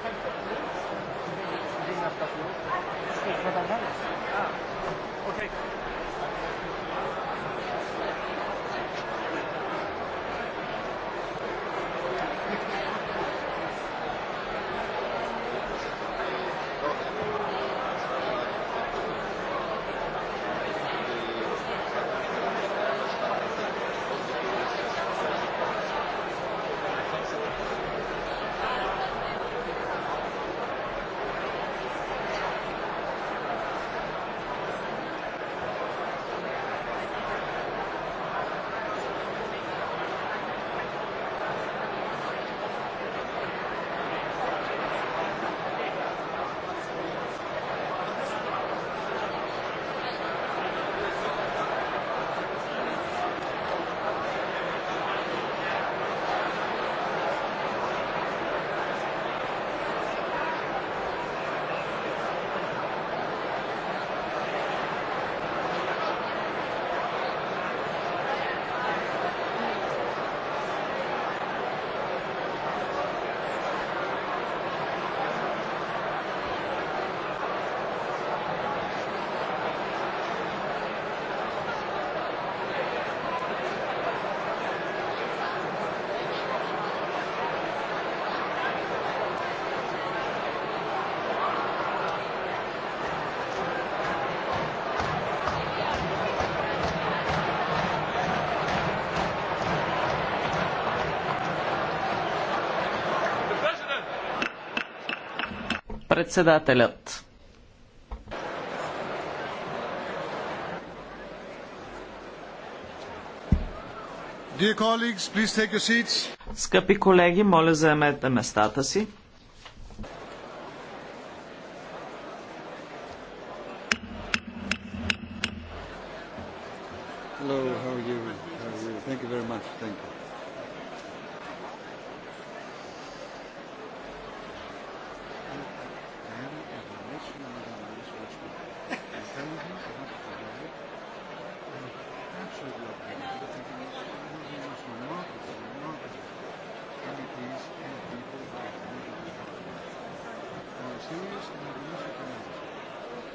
Okay. Председателят. Скъпи колеги, моля заемете местата си.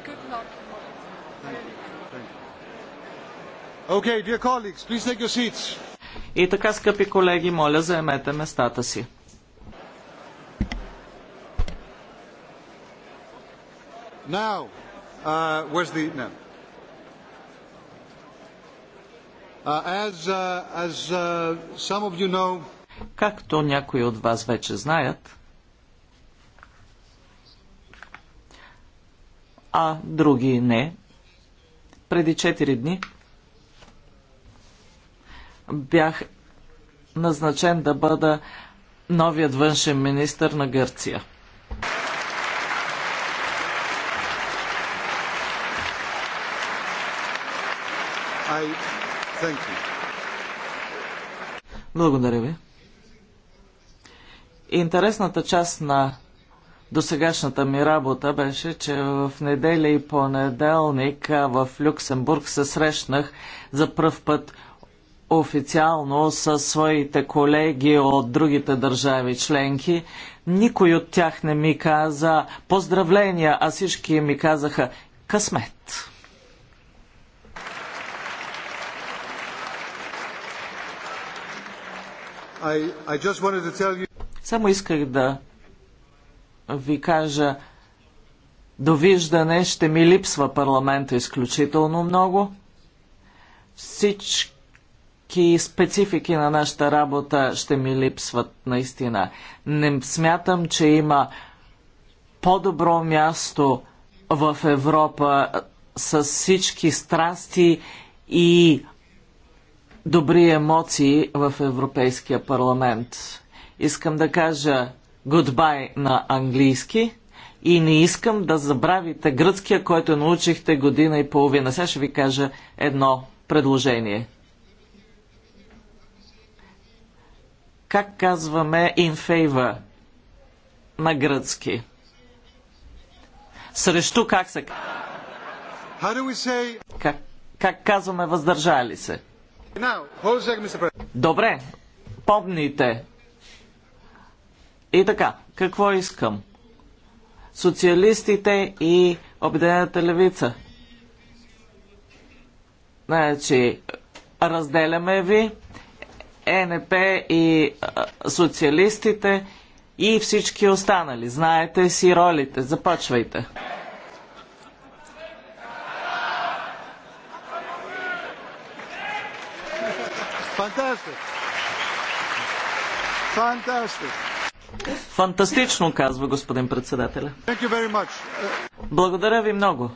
good luck. Okay, dear colleagues, please take your seats. И така, скъпи колеги, моля, заемете местата си. Now, uh, where's the... No. Uh, as, uh, as, uh, some of you know... Както някои от вас вече знаят, а други не. Преди 4 дни бях назначен да бъда новият външен министр на Гърция. I... Thank you. Благодаря ви. Интересната част на Досегашната ми работа беше, че в неделя и понеделник в Люксембург се срещнах за пръв път официално с своите колеги от другите държави членки. Никой от тях не ми каза поздравления, а всички ми казаха късмет. I, I you... Само исках да ви кажа довиждане, ще ми липсва парламента изключително много. Всички специфики на нашата работа ще ми липсват наистина. Не смятам, че има по-добро място в Европа с всички страсти и добри емоции в Европейския парламент. Искам да кажа, goodbye на английски и не искам да забравите гръцкия, който научихте година и половина. Сега ще ви кажа едно предложение. Как казваме in favor на гръцки? Срещу как се... Say... Как, как казваме въздържали се? Now, second, Добре, помните, и така, какво искам? Социалистите и Обединената левица. Значи, разделяме ви, ЕНП и а, социалистите и всички останали. Знаете си ролите. Започвайте. Фантастик! Фантастик! Фантастично, казва господин председателя. Благодаря ви много.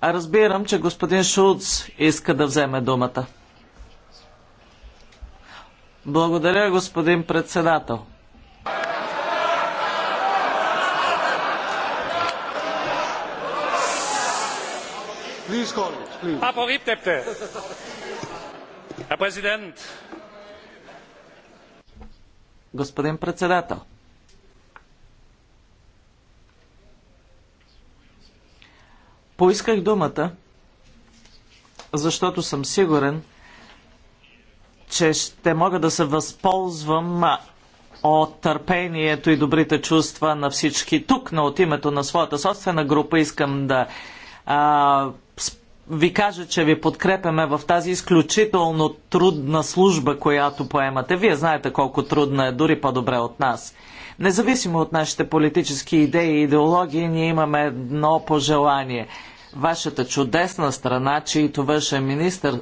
А разбирам, че господин Шулц иска да вземе думата. Благодаря, господин председател. Please call господин председател. Поисках думата, защото съм сигурен, че ще мога да се възползвам от търпението и добрите чувства на всички тук, но от името на своята собствена група искам да а, ви кажа, че ви подкрепяме в тази изключително трудна служба, която поемате. Вие знаете колко трудна е, дори по-добре от нас. Независимо от нашите политически идеи и идеологии, ние имаме едно пожелание. Вашата чудесна страна, чието външен министр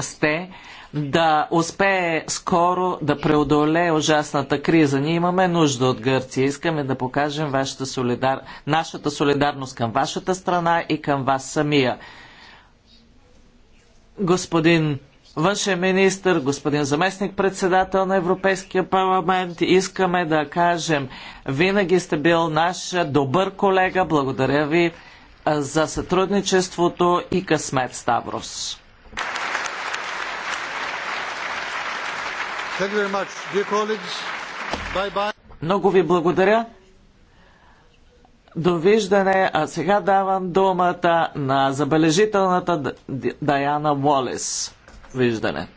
сте, да успее скоро да преодолее ужасната криза. Ние имаме нужда от Гърция. Искаме да покажем вашата солидар... нашата солидарност към вашата страна и към вас самия господин външен министр, господин заместник председател на Европейския парламент. Искаме да кажем, винаги сте бил наш добър колега. Благодаря ви за сътрудничеството и късмет, Ставрос. Много ви благодаря. Довиждане, а сега давам думата на забележителната Даяна Волес. Виждане.